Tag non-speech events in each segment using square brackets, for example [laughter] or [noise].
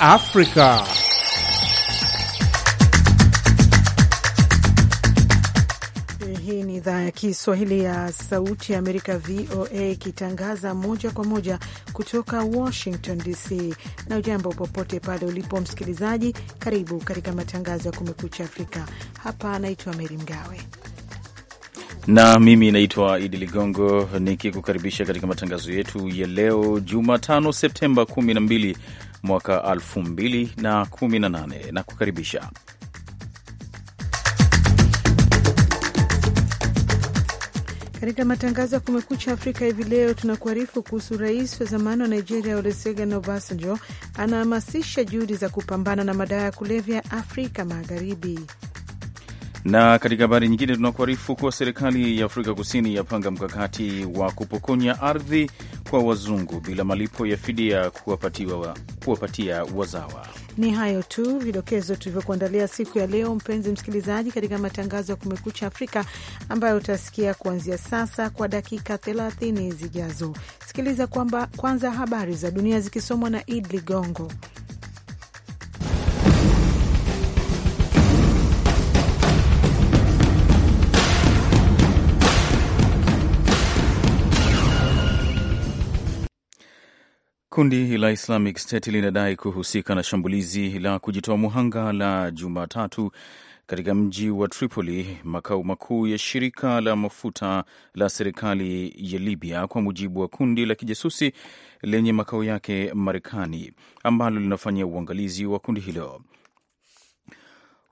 Afrika. Hii ni idhaa ya Kiswahili ya Sauti ya Amerika, VOA, ikitangaza moja kwa moja kutoka Washington DC. Na ujambo popote pale ulipo msikilizaji, karibu katika matangazo ya Kumekucha Afrika. Hapa anaitwa Meri Mgawe na mimi naitwa Idi Ligongo nikikukaribisha katika matangazo yetu ya leo Jumatano, Septemba 12 mwaka 2018 na kukaribisha katika matangazo ya Kumekucha Afrika hivi leo, tunakuarifu kuhusu rais wa zamani wa Nigeria Olusegun Obasanjo anahamasisha juhudi za kupambana na madawa ya kulevya Afrika Magharibi. Na katika habari nyingine, tunakuarifu kuwa serikali ya Afrika Kusini yapanga mkakati wa kupokonya ardhi kwa wazungu bila malipo ya fidia kuwapatia, kuwapatia wazawa. Ni hayo tu vidokezo tulivyokuandalia siku ya leo, mpenzi msikilizaji, katika matangazo ya Kumekucha Afrika ambayo utasikia kuanzia sasa kwa dakika 30 zijazo. Sikiliza kwamba kwanza habari za dunia zikisomwa na Id Ligongo. Kundi la Islamic State linadai kuhusika na shambulizi la kujitoa muhanga la Jumatatu katika mji wa Tripoli, makao makuu ya shirika la mafuta la serikali ya Libya, kwa mujibu wa kundi la kijasusi lenye makao yake Marekani ambalo linafanya uangalizi wa kundi hilo.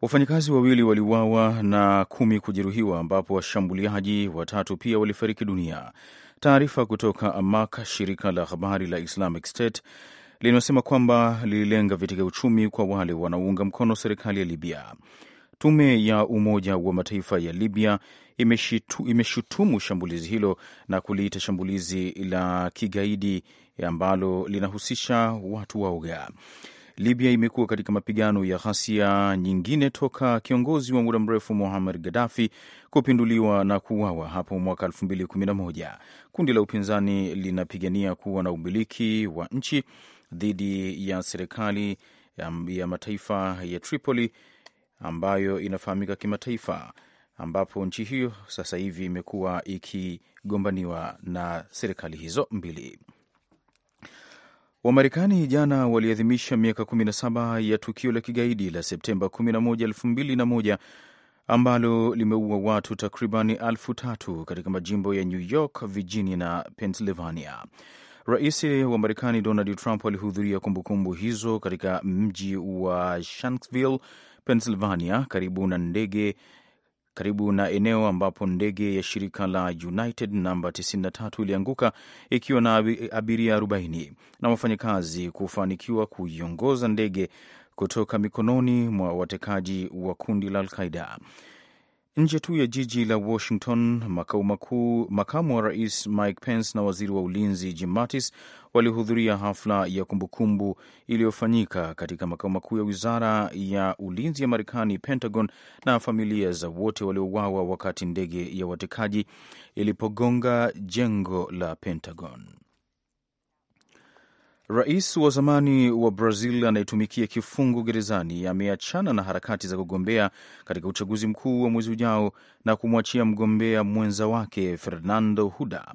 Wafanyakazi wawili waliuawa na kumi kujeruhiwa, ambapo washambuliaji watatu pia walifariki dunia. Taarifa kutoka Amaq, shirika la habari la Islamic State, linasema kwamba lililenga vitega uchumi kwa wale wanaounga mkono serikali ya Libya. Tume ya Umoja wa Mataifa ya Libya imeshitu, imeshutumu shambulizi hilo na kuliita shambulizi la kigaidi ambalo linahusisha watu waoga. Libya imekuwa katika mapigano ya ghasia nyingine toka kiongozi wa muda mrefu muhamad Gaddafi kupinduliwa na kuuawa hapo mwaka 2011. Kundi la upinzani linapigania kuwa na umiliki wa nchi dhidi ya serikali um, ya mataifa ya Tripoli ambayo inafahamika kimataifa, ambapo nchi hiyo sasa hivi imekuwa ikigombaniwa na serikali hizo mbili. Wamarekani jana waliadhimisha miaka 17 ya tukio la kigaidi la Septemba 11, 2001 ambalo limeua watu takriban elfu tatu katika majimbo ya New York, Virginia na Pennsylvania. Rais wa Marekani Donald Trump alihudhuria kumbukumbu hizo katika mji wa Shanksville, Pennsylvania, karibu na ndege karibu na eneo ambapo ndege ya shirika la United namba 93 ilianguka ikiwa na abiria 40 na wafanyakazi kufanikiwa kuiongoza ndege kutoka mikononi mwa watekaji wa kundi la Alqaida. Nje tu ya jiji la Washington, makao makuu, makamu wa rais Mike Pence na waziri wa ulinzi Jim Mattis walihudhuria hafla ya kumbukumbu iliyofanyika katika makao makuu ya wizara ya ulinzi ya Marekani, Pentagon, na familia za wote waliouawa wakati ndege ya watekaji ilipogonga jengo la Pentagon. Rais wa zamani wa Brazil anayetumikia kifungo gerezani ameachana na harakati za kugombea katika uchaguzi mkuu wa mwezi ujao na kumwachia mgombea mwenza wake Fernando huda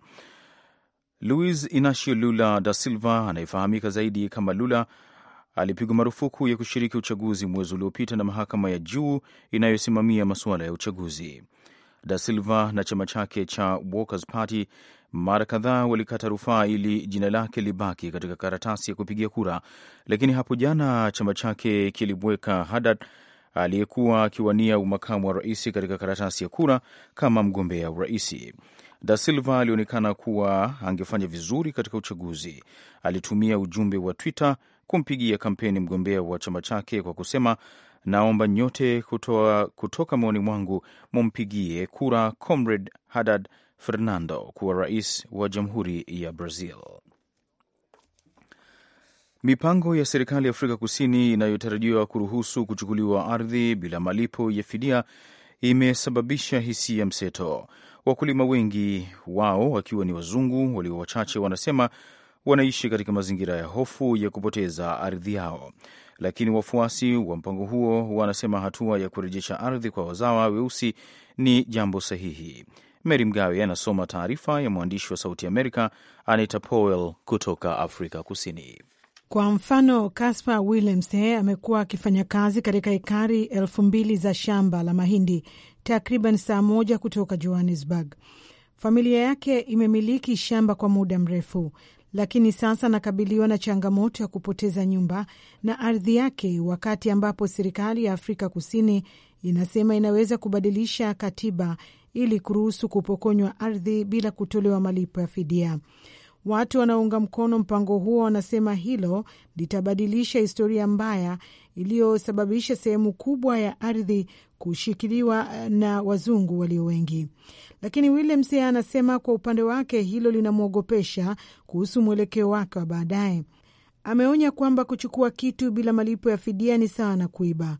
luis Inacio Lula da Silva anayefahamika zaidi kama Lula alipigwa marufuku ya kushiriki uchaguzi mwezi uliopita na mahakama ya juu inayosimamia masuala ya uchaguzi. Da Silva na chama chake cha Workers Party mara kadhaa walikata rufaa ili jina lake libaki katika karatasi ya kupigia kura, lakini hapo jana chama chake kilimweka Haddad aliyekuwa akiwania umakamu wa rais katika karatasi ya kura kama mgombea urais. Da Silva alionekana kuwa angefanya vizuri katika uchaguzi. Alitumia ujumbe wa Twitter kumpigia kampeni mgombea wa chama chake kwa kusema, naomba nyote kutoa, kutoka maoni mwangu mumpigie kura Comrade Haddad Fernando kuwa rais wa jamhuri ya Brazil. Mipango ya serikali ya Afrika Kusini inayotarajiwa kuruhusu kuchukuliwa ardhi bila malipo ya fidia imesababisha hisia mseto. Wakulima wengi wao wakiwa ni wazungu walio wachache, wanasema wanaishi katika mazingira ya hofu ya kupoteza ardhi yao, lakini wafuasi wa mpango huo wanasema hatua ya kurejesha ardhi kwa wazawa weusi ni jambo sahihi. Meri Mgawe anasoma taarifa ya mwandishi wa Sauti Amerika Anita Powell kutoka Afrika Kusini. Kwa mfano, Caspar williams eh, amekuwa akifanya kazi katika ekari elfu mbili za shamba la mahindi takriban saa moja kutoka Johannesburg. Familia yake imemiliki shamba kwa muda mrefu, lakini sasa anakabiliwa na changamoto ya kupoteza nyumba na ardhi yake, wakati ambapo serikali ya Afrika Kusini inasema inaweza kubadilisha katiba ili kuruhusu kupokonywa ardhi bila kutolewa malipo ya fidia. Watu wanaounga mkono mpango huo wanasema hilo litabadilisha historia mbaya iliyosababisha sehemu kubwa ya ardhi kushikiliwa eh, na wazungu walio wengi. Lakini Williams anasema kwa upande wake hilo linamwogopesha kuhusu mwelekeo wake wa baadaye. Ameonya kwamba kuchukua kitu bila malipo ya fidia ni sawa na kuiba.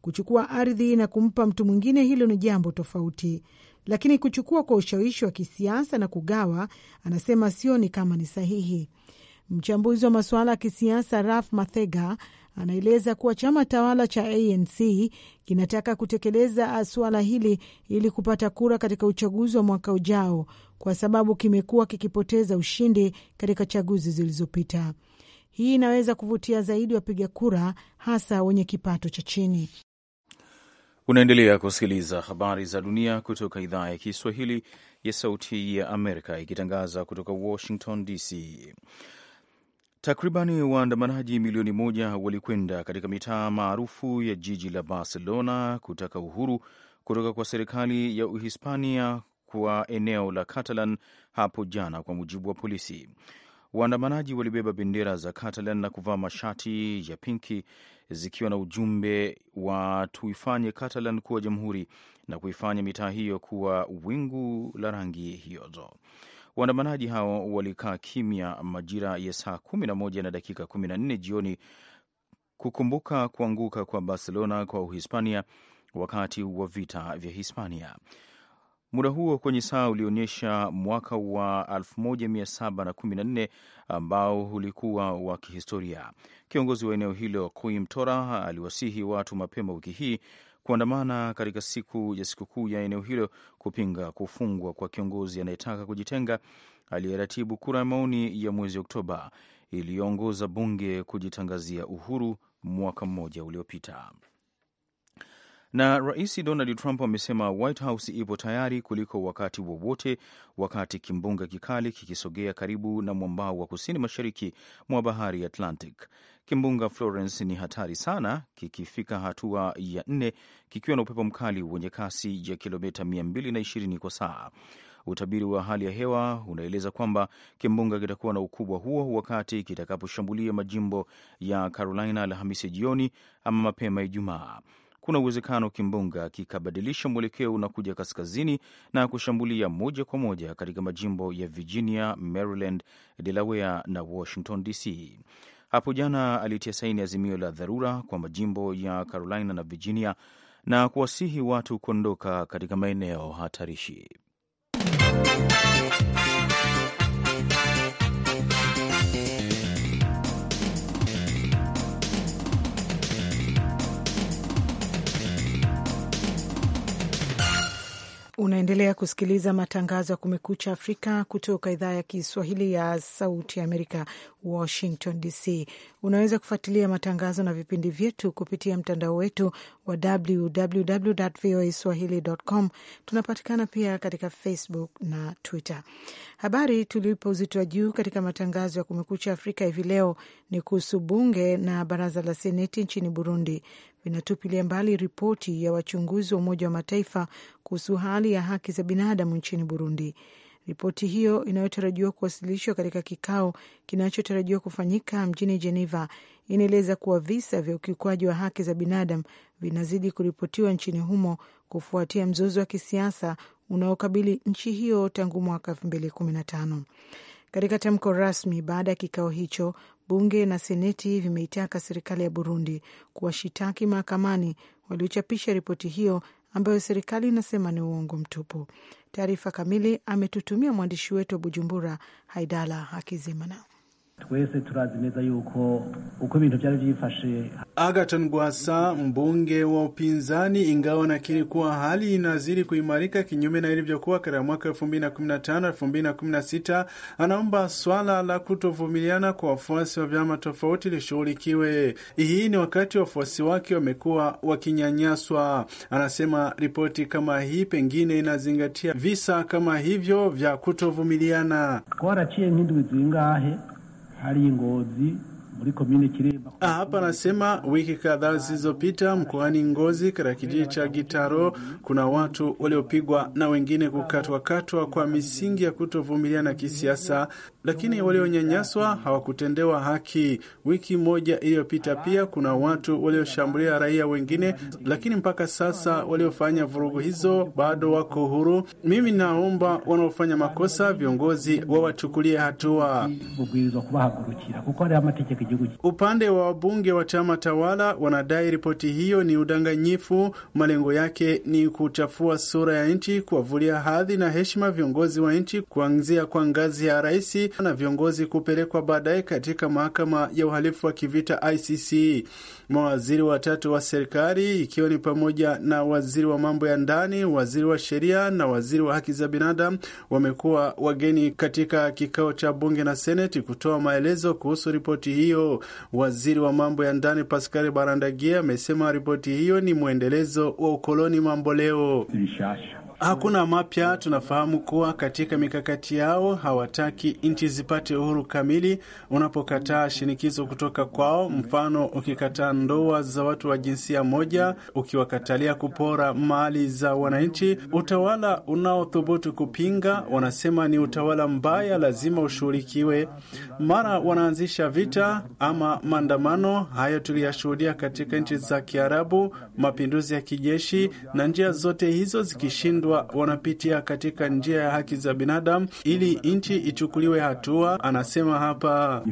Kuchukua ardhi na kumpa mtu mwingine, hilo ni jambo tofauti lakini kuchukua kwa ushawishi wa kisiasa na kugawa, anasema sioni kama ni sahihi. Mchambuzi wa masuala ya kisiasa Raf Mathega anaeleza kuwa chama tawala cha ANC kinataka kutekeleza suala hili ili kupata kura katika uchaguzi wa mwaka ujao, kwa sababu kimekuwa kikipoteza ushindi katika chaguzi zilizopita. Hii inaweza kuvutia zaidi wapiga kura, hasa wenye kipato cha chini. Unaendelea kusikiliza habari za dunia kutoka idhaa ya Kiswahili ya Sauti ya Amerika ikitangaza kutoka Washington DC. Takribani waandamanaji milioni moja walikwenda katika mitaa maarufu ya jiji la Barcelona kutaka uhuru kutoka kwa serikali ya Uhispania kwa eneo la Catalan hapo jana, kwa mujibu wa polisi. Waandamanaji walibeba bendera za Catalan na kuvaa mashati ya pinki zikiwa na ujumbe wa tuifanye Catalan kuwa jamhuri na kuifanya mitaa hiyo kuwa wingu la rangi hiyozo. Waandamanaji hao walikaa kimya majira ya saa kumi na dakika nne jioni kukumbuka kuanguka kwa Barcelona kwa Uhispania wakati wa vita vya Hispania. Muda huo kwenye saa ulionyesha mwaka wa 1714 ambao ulikuwa wa kihistoria. Kiongozi wa eneo hilo tora aliwasihi watu mapema wiki hii kuandamana katika siku ya sikukuu ya eneo hilo kupinga kufungwa kwa kiongozi anayetaka kujitenga aliyeratibu kura ya maoni ya mwezi Oktoba iliyoongoza bunge kujitangazia uhuru mwaka mmoja uliopita na Rais Donald Trump amesema White House ipo tayari kuliko wakati wowote, wakati kimbunga kikali kikisogea karibu na mwambao wa kusini mashariki mwa bahari ya Atlantic. Kimbunga Florence ni hatari sana, kikifika hatua ya nne kikiwa na upepo mkali wenye kasi ya kilomita 220 kwa saa. Utabiri wa hali ya hewa unaeleza kwamba kimbunga kitakuwa na ukubwa huo wakati kitakaposhambulia majimbo ya Carolina Alhamisi jioni ama mapema Ijumaa kuna uwezekano kimbunga kikabadilisha mwelekeo na kuja kaskazini na kushambulia moja kwa moja katika majimbo ya Virginia, Maryland, Delaware na Washington DC. Hapo jana alitia saini azimio la dharura kwa majimbo ya Carolina na Virginia na kuwasihi watu kuondoka katika maeneo hatarishi. Unaendelea kusikiliza matangazo ya Kumekucha Afrika kutoka idhaa ya Kiswahili ya Sauti Amerika, Washington DC. Unaweza kufuatilia matangazo na vipindi vyetu kupitia mtandao wetu wa www voa swahili.com. Tunapatikana pia katika Facebook na Twitter. Habari tulipo uzito wa juu katika matangazo ya Kumekucha Afrika hivi leo ni kuhusu bunge na baraza la seneti nchini Burundi vinatupilia mbali ripoti ya wachunguzi wa Umoja wa Mataifa kuhusu hali ya haki za binadamu nchini Burundi. Ripoti hiyo inayotarajiwa kuwasilishwa katika kikao kinachotarajiwa kufanyika mjini Geneva inaeleza kuwa visa vya ukiukwaji wa haki za binadamu vinazidi kuripotiwa nchini humo kufuatia mzozo wa kisiasa unaokabili nchi hiyo tangu mwaka 2015. Katika tamko rasmi baada ya kikao hicho, bunge na seneti vimeitaka serikali ya Burundi kuwashitaki mahakamani waliochapisha ripoti hiyo ambayo serikali inasema ni uongo mtupu. Taarifa kamili ametutumia mwandishi wetu wa Bujumbura, Haidala Hakizimana. Twese turazimeza yuko uko ibintu byari byifashe. Agaton Gwasa mbunge wa upinzani, ingawa nakiri kuwa hali inazidi kuimarika kinyume na ilivyokuwa katika mwaka 2015 2016, anaomba swala la kutovumiliana kwa wafuasi wa vyama tofauti lishughulikiwe. Hii ni wakati wafuasi wake wamekuwa wakinyanyaswa. Anasema ripoti kama hii pengine inazingatia visa kama hivyo vya kutovumiliana. twaraciye nk'indwi zingahe hali ngozi muri Kiremba. Ah, hapa anasema wiki kadhaa zilizopita mkoani Ngozi, katika kijiji cha Gitaro, kuna watu waliopigwa na wengine kukatwakatwa kwa misingi ya kutovumiliana kisiasa lakini walionyanyaswa hawakutendewa haki. Wiki moja iliyopita pia kuna watu walioshambulia raia wengine, lakini mpaka sasa waliofanya vurugu hizo bado wako huru. Mimi naomba wanaofanya makosa viongozi wawachukulie hatua. Upande wa wabunge wa chama tawala wanadai ripoti hiyo ni udanganyifu. Malengo yake ni kuchafua sura ya nchi, kuwavulia hadhi na heshima viongozi wa nchi kuanzia kwa ngazi ya raisi na viongozi kupelekwa baadaye katika mahakama ya uhalifu wa kivita ICC. Mawaziri watatu wa serikali ikiwa ni pamoja na waziri wa mambo ya ndani, waziri wa sheria na waziri wa haki za binadamu wamekuwa wageni katika kikao cha bunge na seneti kutoa maelezo kuhusu ripoti hiyo. Waziri wa mambo ya ndani Pascal Barandagia amesema ripoti hiyo ni mwendelezo wa ukoloni mamboleo. Nishasha. Hakuna mapya. Tunafahamu kuwa katika mikakati yao hawataki nchi zipate uhuru kamili. Unapokataa shinikizo kutoka kwao, mfano ukikataa ndoa za watu wa jinsia moja, ukiwakatalia kupora mali za wananchi, utawala unaothubutu kupinga wanasema ni utawala mbaya, lazima ushughulikiwe. Mara wanaanzisha vita ama maandamano. Hayo tuliyashuhudia katika nchi za Kiarabu, mapinduzi ya kijeshi na njia zote hizo zikishindwa washindwa wanapitia katika njia ya haki za binadamu ili nchi ichukuliwe hatua, anasema hapa.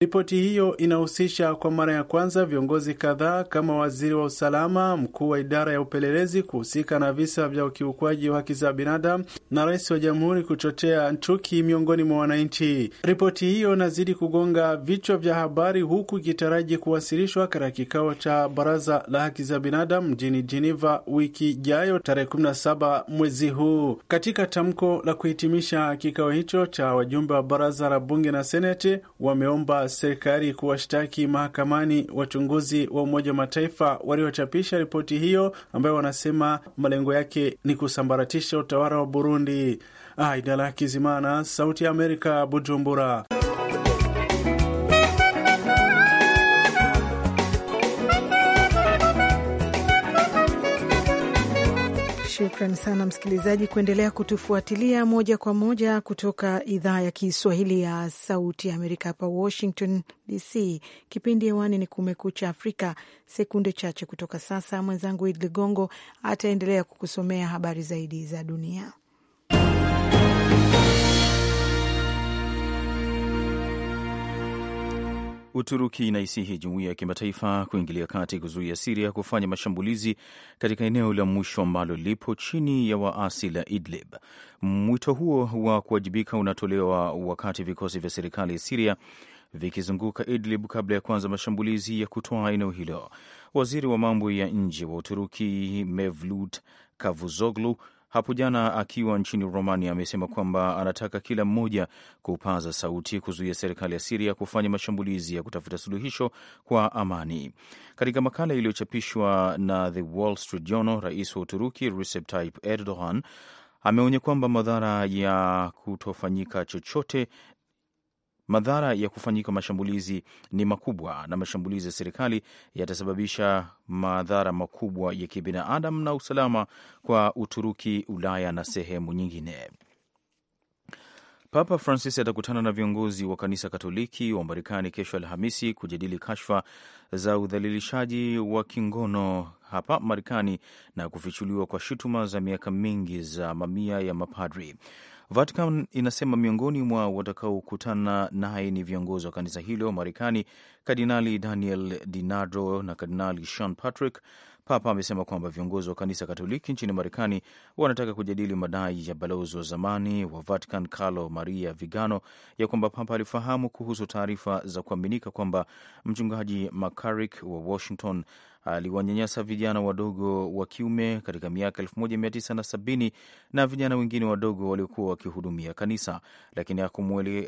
Ripoti hiyo inahusisha kwa mara ya kwanza viongozi kadhaa kama waziri wa usalama, mkuu wa idara ya upelelezi kuhusika na visa vya ukiukwaji wa haki za binadamu na rais wa jamhuri kuchochea chuki miongoni mwa wananchi. Ripoti hiyo inazidi kugonga vichwa vya habari huku ikitaraji kuwasilishwa katika kikao cha baraza la haki za binadamu mjini Geneva wiki ijayo tarehe 17 mwezi huu. Katika tamko la kuhitimisha kikao hicho cha wajumbe wa baraza la bunge na seneti, wameomba serikali kuwashtaki mahakamani wachunguzi wa Umoja wa Mataifa waliochapisha ripoti hiyo ambayo wanasema malengo yake ni kusambaratisha utawala wa Burundi. Aidala ah, Kizimana, Sauti ya Amerika, Bujumbura. Shukran sana msikilizaji kuendelea kutufuatilia moja kwa moja kutoka idhaa ya Kiswahili ya Sauti ya Amerika hapa Washington DC. Kipindi hewani ni Kumekucha Afrika. Sekunde chache kutoka sasa, mwenzangu Id Ligongo ataendelea kukusomea habari zaidi za dunia. Uturuki inaisihi jumuiya ya kimataifa kuingilia kati kuzuia Siria kufanya mashambulizi katika eneo la mwisho ambalo lipo chini ya waasi la Idlib. Mwito huo wa kuwajibika unatolewa wakati vikosi vya serikali ya Siria vikizunguka Idlib kabla ya kuanza mashambulizi ya kutoa eneo hilo. Waziri wa mambo ya nje wa Uturuki Mevlut Kavuzoglu hapo jana akiwa nchini Romania amesema kwamba anataka kila mmoja kupaza sauti kuzuia serikali ya Siria kufanya mashambulizi ya kutafuta suluhisho kwa amani. Katika makala iliyochapishwa na The Wall Street Journal, rais wa Uturuki Recep Tayyip Erdogan ameonya kwamba madhara ya kutofanyika chochote Madhara ya kufanyika mashambulizi ni makubwa, na mashambulizi ya serikali yatasababisha madhara makubwa ya kibinadamu na usalama kwa Uturuki, Ulaya na sehemu nyingine. Papa Francis atakutana na viongozi wa kanisa Katoliki wa Marekani kesho Alhamisi kujadili kashfa za udhalilishaji wa kingono hapa Marekani na kufichuliwa kwa shutuma za miaka mingi za mamia ya mapadri. Vatican inasema miongoni mwa watakaokutana naye ni viongozi wa kanisa hilo Marekani, Kardinali Daniel DiNardo na Kardinali Sean Patrick Papa amesema kwamba viongozi wa kanisa Katoliki nchini Marekani wanataka kujadili madai ya balozi wa zamani wa Vatican Carlo Maria Vigano ya kwamba Papa alifahamu kuhusu taarifa za kuaminika kwamba mchungaji McCarrick wa Washington aliwanyanyasa vijana wadogo wa kiume katika miaka 1970 na vijana wengine wadogo waliokuwa wakihudumia kanisa, lakini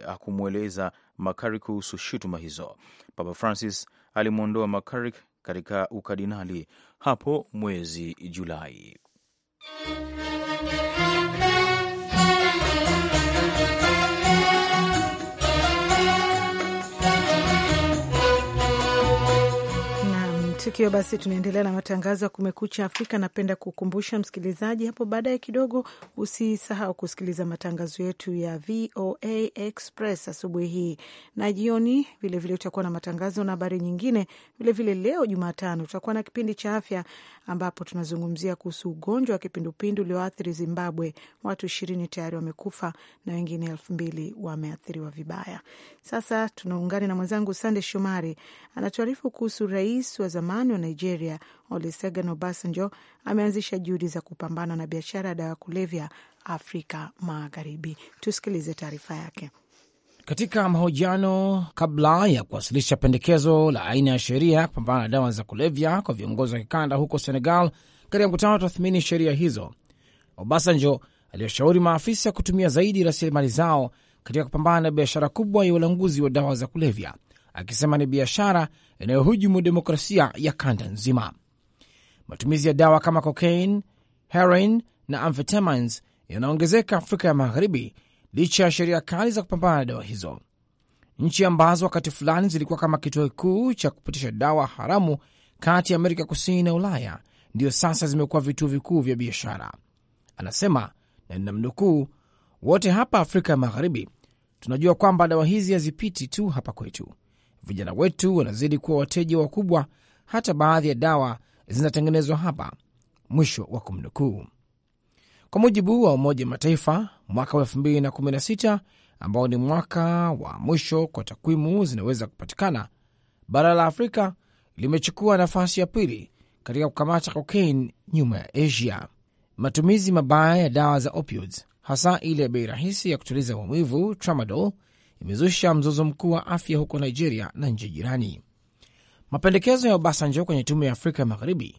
hakumweleza Makari kuhusu shutuma hizo. Papa Francis alimwondoa Makari katika ukardinali hapo mwezi Julai. Tukio basi, tunaendelea na matangazo ya Kumekucha Afrika. Napenda kukumbusha msikilizaji, hapo baadaye kidogo usisahau kusikiliza matangazo yetu ya VOA Express asubuhi hii na jioni. Vilevile utakuwa na matangazo na habari nyingine. Vilevile vile leo Jumatano tutakuwa na kipindi cha afya, ambapo tunazungumzia kuhusu ugonjwa wa kipindupindu ulioathiri Zimbabwe. Watu ishirini tayari wamekufa na wengine elfu mbili wameathiriwa vibaya. Sasa tunaungana na mwenzangu Sande Shomari, anatuarifu kuhusu rais wa zamani zamani wa Nigeria Olusegun Obasanjo ameanzisha juhudi za kupambana na biashara ya dawa kulevya Afrika Magharibi. Tusikilize taarifa yake. Katika mahojiano kabla ya kuwasilisha pendekezo la aina ya sheria ya kupambana na dawa za kulevya kwa viongozi wa kikanda huko Senegal, katika mkutano wa tathmini sheria hizo, Obasanjo aliyoshauri maafisa kutumia zaidi rasilimali zao katika kupambana na biashara kubwa ya ulanguzi wa dawa za kulevya, akisema ni biashara yanayohujumu demokrasia ya kanda nzima. Matumizi ya dawa kama cocaine, heroin na amphetamines yanaongezeka Afrika ya Magharibi licha ya sheria kali za kupambana na dawa hizo. Nchi ambazo wakati fulani zilikuwa kama kituo kikuu cha kupitisha dawa haramu kati ya Amerika Kusini na Ulaya ndiyo sasa zimekuwa vituo vikuu vya biashara, anasema, na ninamnukuu, wote hapa Afrika ya Magharibi tunajua kwamba dawa hizi hazipiti tu hapa kwetu, Vijana wetu wanazidi kuwa wateja wakubwa, hata baadhi ya dawa zinatengenezwa hapa. Mwisho wa kumnukuu. Kwa mujibu wa Umoja Mataifa, mwaka wa 2016 ambao ni mwaka wa mwisho kwa takwimu zinaweza kupatikana, bara la Afrika limechukua nafasi ya pili katika kukamata kokain nyuma ya Asia. Matumizi mabaya ya dawa za opioids, hasa ile ya bei rahisi ya kutuliza maumivu tramadol, imezusha mzozo mkuu wa afya huko Nigeria na nchi jirani. Mapendekezo ya Obasanjo kwenye Tume ya Afrika ya Magharibi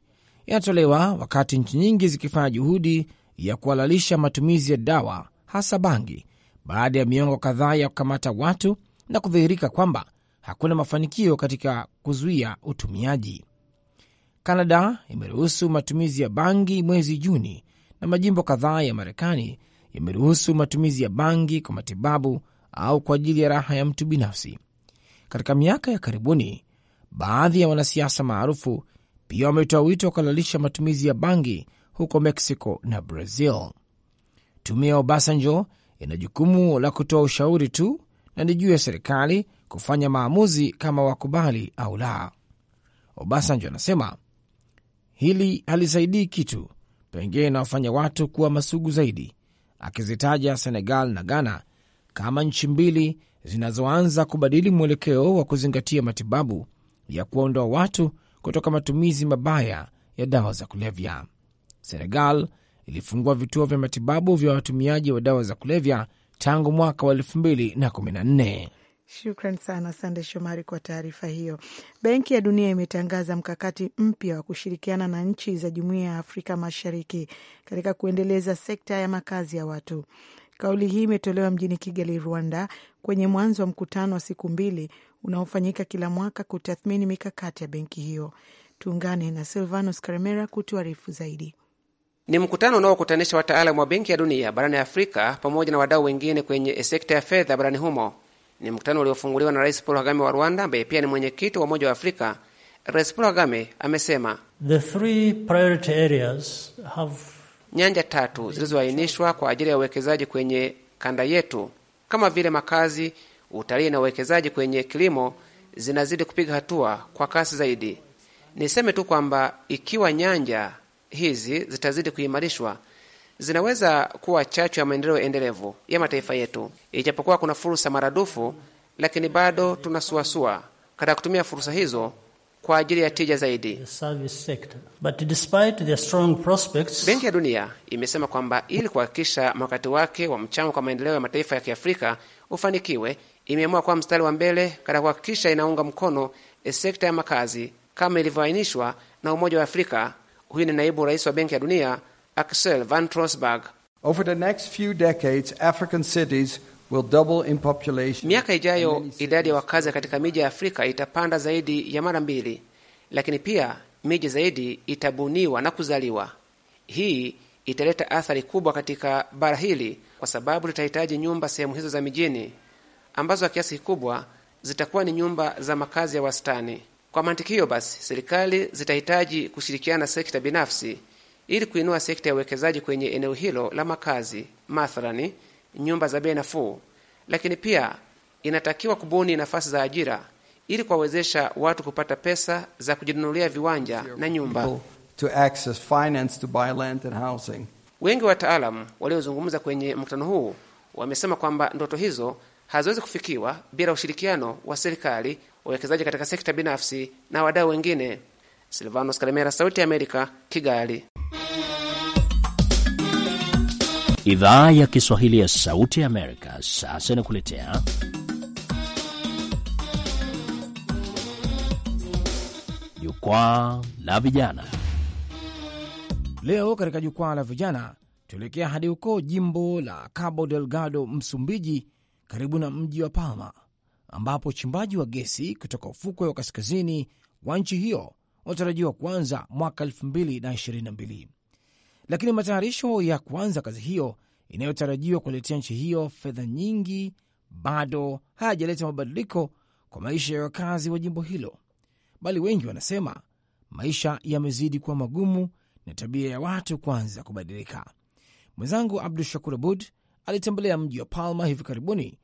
yanatolewa wakati nchi nyingi zikifanya juhudi ya kuhalalisha matumizi ya dawa, hasa bangi, baada ya miongo kadhaa ya kukamata watu na kudhihirika kwamba hakuna mafanikio katika kuzuia utumiaji. Kanada imeruhusu matumizi ya bangi mwezi Juni na majimbo kadhaa ya Marekani yameruhusu matumizi ya bangi kwa matibabu au kwa ajili ya raha ya mtu binafsi. Katika miaka ya karibuni, baadhi ya wanasiasa maarufu pia wametoa wito wa kuhalalisha matumizi ya bangi huko Mexico na Brazil. Tume ya Obasanjo ina jukumu la kutoa ushauri tu na ni juu ya serikali kufanya maamuzi kama wakubali au la. Obasanjo anasema hili halisaidii kitu, pengine inawafanya watu kuwa masugu zaidi, akizitaja Senegal na Ghana kama nchi mbili zinazoanza kubadili mwelekeo wa kuzingatia matibabu ya kuondoa watu kutoka matumizi mabaya ya dawa za kulevya. Senegal ilifungua vituo vya matibabu vya watumiaji wa dawa za kulevya tangu mwaka wa 214 Shukran sana Sande Shomari kwa taarifa hiyo. Benki ya Dunia imetangaza mkakati mpya wa kushirikiana na nchi za Jumuiya ya Afrika Mashariki katika kuendeleza sekta ya makazi ya watu. Kauli hii imetolewa mjini Kigali, Rwanda, kwenye mwanzo wa mkutano wa siku mbili unaofanyika kila mwaka kutathmini mikakati ya benki hiyo. Tuungane na Silvanos Karemera kutuarifu zaidi. Ni mkutano unaokutanisha wataalamu wa Benki ya Dunia barani Afrika pamoja na wadau wengine kwenye sekta ya fedha barani humo. Ni mkutano uliofunguliwa na Rais Paul Kagame wa Rwanda, ambaye pia ni mwenyekiti wa Umoja wa Afrika. Rais Paul Kagame amesema The three priority areas have nyanja tatu zilizoainishwa kwa ajili ya uwekezaji kwenye kanda yetu kama vile makazi, utalii na uwekezaji kwenye kilimo zinazidi kupiga hatua kwa kasi zaidi. Niseme tu kwamba ikiwa nyanja hizi zitazidi kuimarishwa, zinaweza kuwa chachu ya maendeleo endelevu ya mataifa yetu. Ijapokuwa kuna fursa maradufu, lakini bado tunasuasua katika kutumia fursa hizo kwa ajili ya tija zaidi. Benki ya Dunia imesema kwamba ili kuhakikisha mkakati wake wa mchango kwa maendeleo ya mataifa ya Kiafrika ufanikiwe, imeamua kuwa mstari wa mbele katika kuhakikisha inaunga mkono eh, sekta ya makazi kama ilivyoainishwa na Umoja wa Afrika. Huyu ni naibu rais wa Benki ya Dunia Axel Van Trosberg. Over the next few decades, African cities Miaka ijayo idadi ya wakazi katika miji ya Afrika itapanda zaidi ya mara mbili, lakini pia miji zaidi itabuniwa na kuzaliwa. Hii italeta athari kubwa katika bara hili, kwa sababu litahitaji nyumba sehemu hizo za mijini ambazo kwa kiasi kikubwa zitakuwa ni nyumba za makazi ya wastani. Kwa mantiki hiyo basi, serikali zitahitaji kushirikiana na sekta binafsi ili kuinua sekta ya uwekezaji kwenye eneo hilo la makazi mathalani nyumba za bei nafuu, lakini pia inatakiwa kubuni nafasi za ajira ili kuwawezesha watu kupata pesa za kujinunulia viwanja na nyumba. Wengi wataalamu waliozungumza kwenye mkutano huu wamesema kwamba ndoto hizo haziwezi kufikiwa bila ushirikiano wa serikali, wawekezaji katika sekta binafsi na wadau wengine. Silvanos Kalemera, Sauti ya Amerika, Kigali. Idhaa ya Kiswahili ya Sauti ya Amerika sasa inakuletea Jukwaa la Vijana. Leo katika Jukwaa la Vijana tuelekea hadi huko jimbo la Cabo Delgado, Msumbiji, karibu na mji wa Palma, ambapo uchimbaji wa gesi kutoka ufukwe wa kaskazini wa nchi hiyo unatarajiwa kuanza mwaka 2022 lakini matayarisho ya kuanza kazi hiyo inayotarajiwa kuletea nchi hiyo fedha nyingi bado hayajaleta mabadiliko kwa maisha ya wakazi wa jimbo hilo, bali wengi wanasema maisha yamezidi kuwa magumu na tabia ya watu kuanza kubadilika. Mwenzangu Abdu Shakur Abud alitembelea mji wa Palma hivi karibuni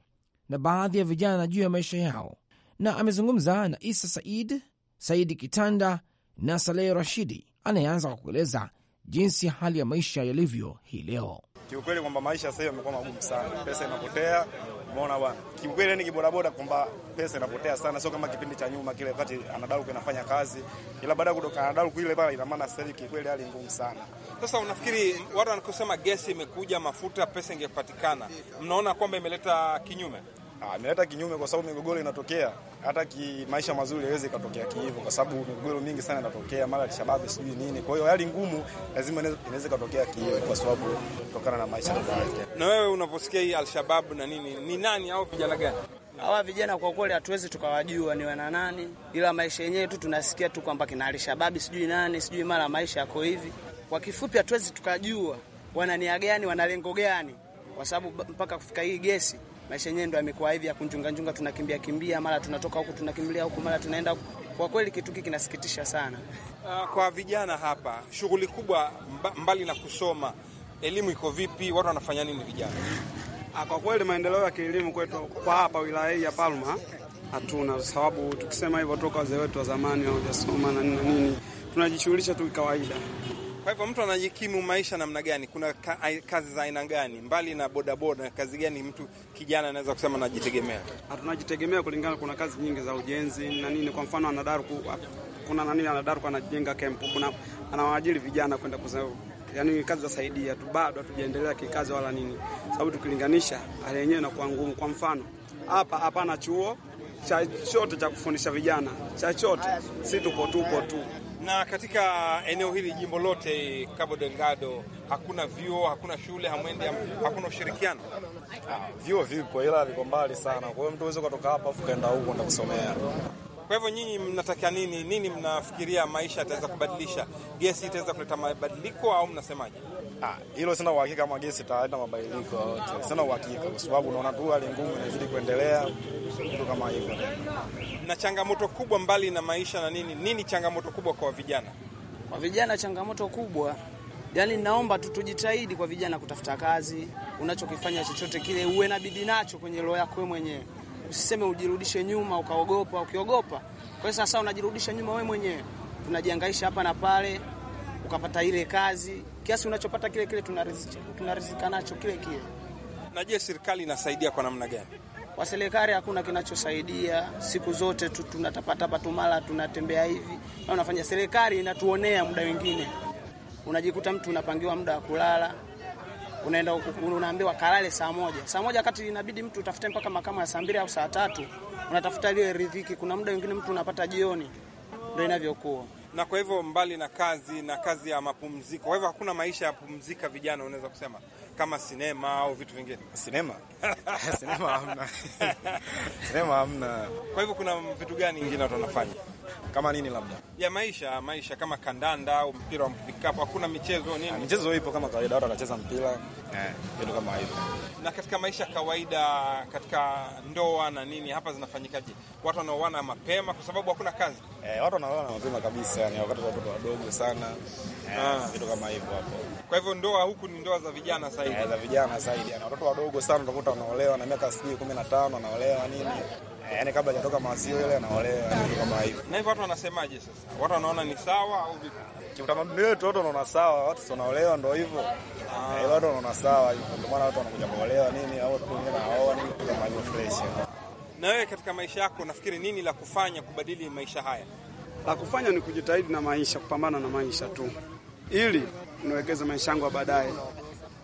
na baadhi ya vijana juu ya maisha yao, na amezungumza na Isa Said, Saidi Kitanda na Saleh Rashidi anayeanza kwa kueleza jinsi hali ya maisha yalivyo hii leo. Kiukweli kwamba maisha sasa hivi yamekuwa magumu sana, pesa inapotea. Umeona bwana, kiukweli ni kibodaboda kwamba pesa inapotea sana, sio kama kipindi cha nyuma kile wakati anadaruku inafanya kazi, ila baada ya kutoka anadaruku ile pale, ina maana sasa hivi kiukweli hali ngumu sana. Sasa unafikiri watu wanakusema gesi imekuja, mafuta, pesa ingepatikana, mnaona kwamba imeleta kinyume ameleta ah, kinyume, kwa sababu migogoro inatokea hata ki maisha mazuri yaweze ikatokea kihivyo, kwa sababu migogoro mingi sana inatokea, mara shababu sijui nini. Kwa hiyo hali ngumu lazima inaweza ikatokea kihivyo, kwa sababu kutokana na maisha. Na wewe unaposikia hii Alshabab na nini, ni nani au vijana gani hawa vijana? Kwa kweli hatuwezi tukawajua ni wana nani, ila maisha yenyewe tu tunasikia tu kwamba kina alshababu sijui nani sijui, mara maisha yako hivi. Kwa kifupi, hatuwezi tukajua wana nia gani, wana lengo gani, kwa sababu mpaka kufika hii gesi maisha yenyewe ndo yamekuwa hivi ya kunjunga njunga, tunakimbia kimbia, mara tunatoka huku tunakimbilia huku, mara tunaenda huku. Kwa kweli kitu hiki kinasikitisha sana. Ah, kwa vijana hapa, shughuli kubwa mbali na kusoma, elimu iko vipi? Watu wanafanya nini vijana? Ah, kwa kweli maendeleo ya kielimu kwetu kwa hapa wilaya hii ya Palma hatuna, sababu tukisema hivyo toka wazee wetu wa zamani hawajasoma na nini, tunajishughulisha tu kawaida. Kwa hivyo mtu anajikimu maisha namna gani? Kuna ka, kazi za aina gani, mbali na bodaboda, kazi gani mtu kijana anaweza kusema anajitegemea? Tunajitegemea kulingana, kuna kazi nyingi za ujenzi na nini. Kwa mfano anadaruku, kuna nani anadaruku anajenga kempu, kuna anawaajiri vijana kwenda kuzao yaani kazi zasaidia tu, bado hatujaendelea kikazi wala nini, sababu tukilinganisha hali yenyewe inakuwa ngumu. Kwa mfano hapa hapana chuo chochote cha kufundisha vijana chochote, si tupo tupo tu na katika eneo hili jimbo lote Cabo Delgado hakuna vyuo, hakuna shule, hamwendi, hakuna ushirikiano. Ah, vyuo vipo, ila viko mbali sana, kwa hiyo mtu uweze kutoka hapa afu kaenda huko kwenda kusomea. Kwa hivyo nyinyi mnatakia nini? Nini mnafikiria maisha yataweza kubadilisha? Gesi itaweza kuleta mabadiliko au mnasemaje? Ah, hilo sina uhakika kama gesi italeta mabadiliko yote, sina uhakika kwa sababu unaona tu hali ngumu inazidi kuendelea, kitu kama hivyo. Na changamoto kubwa, mbali na maisha na nini nini, changamoto kubwa kwa vijana? Kwa vijana changamoto kubwa Yaani, naomba tu tujitahidi kwa vijana kutafuta kazi. Unachokifanya chochote kile, uwe na bidii nacho kwenye roho yako mwenyewe usiseme ujirudishe nyuma ukaogopa. Ukiogopa kwa sasa unajirudisha nyuma wewe mwenyewe, tunajiangaisha hapa na pale, ukapata ile kazi, kiasi unachopata kile kile tunarizika nacho kile kile. Na je, serikali inasaidia kwa namna gani? Kwa serikali hakuna kinachosaidia, siku zote tu tunatapata mara tunatembea hivi na unafanya. Serikali inatuonea muda, wengine unajikuta mtu unapangiwa muda wa kulala unaenda unaambiwa kalale saa moja. Saa moja wakati inabidi mtu utafute mpaka makama ya saa mbili au saa tatu, unatafuta ile ridhiki Kuna muda mwingine mtu unapata jioni, ndio inavyokuwa na kwa hivyo mbali na kazi na kazi ya mapumziko, kwa hivyo hakuna maisha ya pumzika. Vijana unaweza kusema kama sinema au vitu vingine, sinema [laughs] sinema hamna, [laughs] sinema hamna. Kwa hivyo kuna vitu gani ingine watu wanafanya? kama nini labda ya maisha maisha kama kandanda au mpira wa vikapu, hakuna michezo nini? Ah, michezo ipo kama kawaida, watu wanacheza mpira eh, kitu kama hivyo. Na katika maisha kawaida, katika ndoa na nini, hapa zinafanyikaje? Watu wanaoana mapema kwa sababu hakuna kazi eh, watu wanaoana mapema kabisa, yani wakati watoto wadogo sana eh, kitu ah, kama hivyo hapo. Kwa hivyo ndoa huku ni ndoa za vijana zaidi eh, za vijana zaidi, yani watoto wadogo sana utakuta wanaolewa na miaka 15 wanaolewa nini yani kabla hajatoka mawasio ile anaolewa yaani kama hivyo. Na hivyo watu wanasemaje sasa? Watu wanaona ni sawa au vipi? Kiutamaduni wetu watu wanaona sawa, watu wanaolewa ndio hivyo. Ah, eh, watu wanaona sawa hivyo. Ndio maana watu wanakuja kuolewa nini au watu wengine wanaoa nini kama hivyo fresh. Na wewe katika maisha yako unafikiri nini la kufanya kubadili maisha haya? La kufanya ni kujitahidi na maisha, kupambana na maisha tu, ili niwekeze maisha yangu baadaye.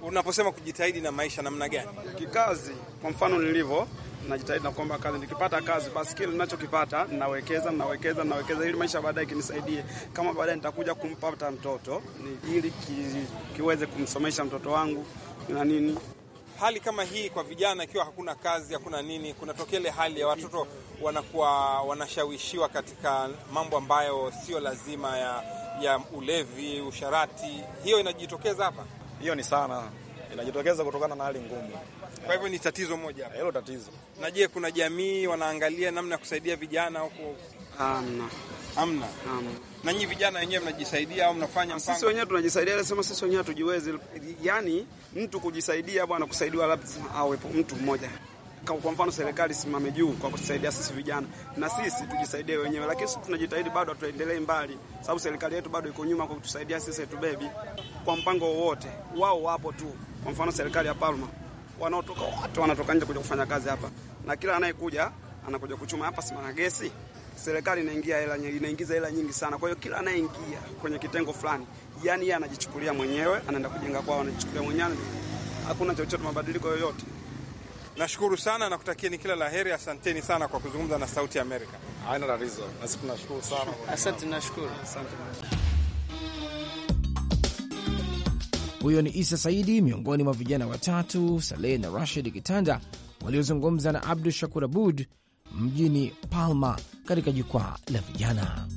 Unaposema kujitahidi na maisha, namna gani? Kikazi, kwa mfano nilivyo najitahidi na kuomba kazi. Nikipata kazi, basi kile ninachokipata ninawekeza, ninawekeza, ninawekeza ili maisha baadaye kinisaidie, kama baadaye nitakuja kumpata mtoto ni ili ki, kiweze kumsomesha mtoto wangu na nini. Hali kama hii kwa vijana, ikiwa hakuna kazi, hakuna nini, kunatokea ile hali ya watoto wanakuwa wanashawishiwa katika mambo ambayo sio lazima ya, ya ulevi, usharati. Hiyo inajitokeza hapa, hiyo ni sana inajitokeza kutokana na hali ngumu kwa hivyo ni tatizo moja hilo tatizo. Na je, kuna jamii wanaangalia namna ya kusaidia vijana huko? Hamna. Hamna. Na nyinyi vijana wenyewe mnajisaidia au mnafanya mpango? Sisi wenyewe tunajisaidia, nasema sisi wenyewe hatujiwezi. Yaani mtu kujisaidia bwana, kusaidiwa labda awe mtu mmoja. Kwa mfano serikali simame juu kwa kutusaidia sisi vijana, na sisi tujisaidie wenyewe, lakini sisi tunajitahidi bado, tuendelee mbali, sababu serikali yetu bado iko nyuma kwa kutusaidia sisi. Tubebi kwa mpango wowote wao, wapo tu. Kwa mfano serikali ya Palma wanaotoka wote wanatoka nje kuja kufanya kazi hapa, na kila anayekuja anakuja kuchuma hapa, simana gesi serikali inaingia hela inaingiza hela nyingi sana. Kwa hiyo kila anayeingia kwenye kitengo fulani, yani yeye anajichukulia mwenyewe, anaenda kujenga kwao, anajichukulia mwenyewe, hakuna chochote mabadiliko yoyote. Nashukuru sana na ni kila la heri. Asanteni sana kwa kuzungumza na Sauti ya Amerika. Haina tatizo, nasi tunashukuru sana. Asante, nashukuru, asante. Huyo ni Isa Saidi, miongoni mwa vijana watatu Saleh na Rashid Kitanda waliozungumza na Abdu Shakur Abud mjini Palma katika jukwaa la vijana.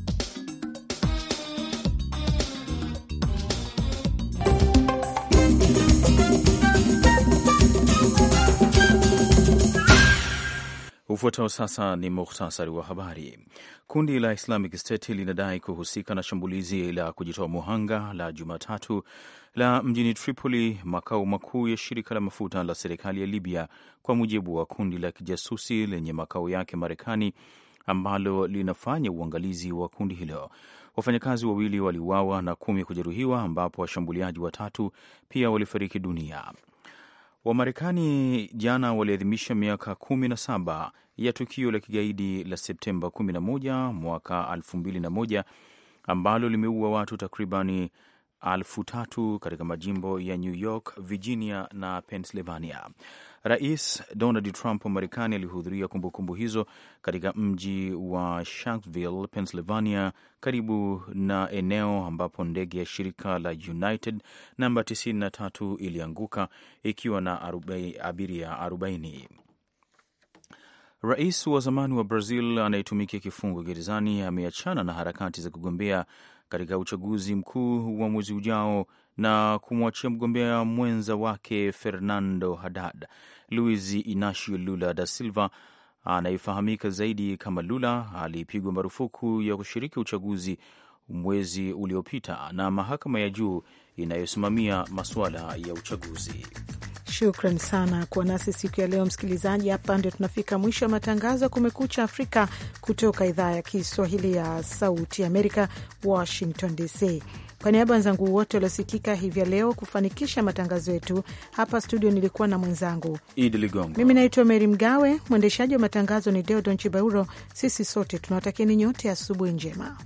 Ufuatao sasa ni muhtasari wa habari. Kundi la Islamic State linadai kuhusika na shambulizi la kujitoa muhanga la Jumatatu la mjini Tripoli, makao makuu ya shirika la mafuta la serikali ya Libya, kwa mujibu wa kundi la kijasusi lenye makao yake Marekani ambalo linafanya uangalizi wa kundi hilo. Wafanyakazi wawili waliuawa na kumi kujeruhiwa, ambapo washambuliaji watatu pia walifariki dunia. Wamarekani jana waliadhimisha miaka 17 ya tukio la kigaidi la Septemba 11 mwaka 2001 ambalo limeua watu takribani elfu tatu katika majimbo ya New York, Virginia na Pennsylvania. Rais Donald Trump wa Marekani alihudhuria kumbukumbu hizo katika mji wa Shanksville, Pennsylvania, karibu na eneo ambapo ndege ya shirika la United namba 93 ilianguka ikiwa na arubai, abiria 40. Rais wa zamani wa Brazil anayetumikia kifungo gerezani ameachana na harakati za kugombea katika uchaguzi mkuu wa mwezi ujao na kumwachia mgombea mwenza wake Fernando Haddad. Luis Inacio Lula da Silva anayefahamika zaidi kama Lula alipigwa marufuku ya kushiriki uchaguzi mwezi uliopita na mahakama ya juu inayosimamia masuala ya uchaguzi. Shukran sana kuwa nasi siku ya leo, msikilizaji. Hapa ndio tunafika mwisho wa matangazo ya Kumekucha Afrika kutoka idhaa ya Kiswahili ya Sauti Amerika, Washington DC. Kwa niaba wenzangu wote waliosikika hivya leo kufanikisha matangazo yetu hapa studio, nilikuwa na mwenzangu Idi Ligongo. Mimi naitwa Meri Mgawe, mwendeshaji wa matangazo ni Deodon Chibauro. Sisi sote tunawatakieni nyote asubuhi njema.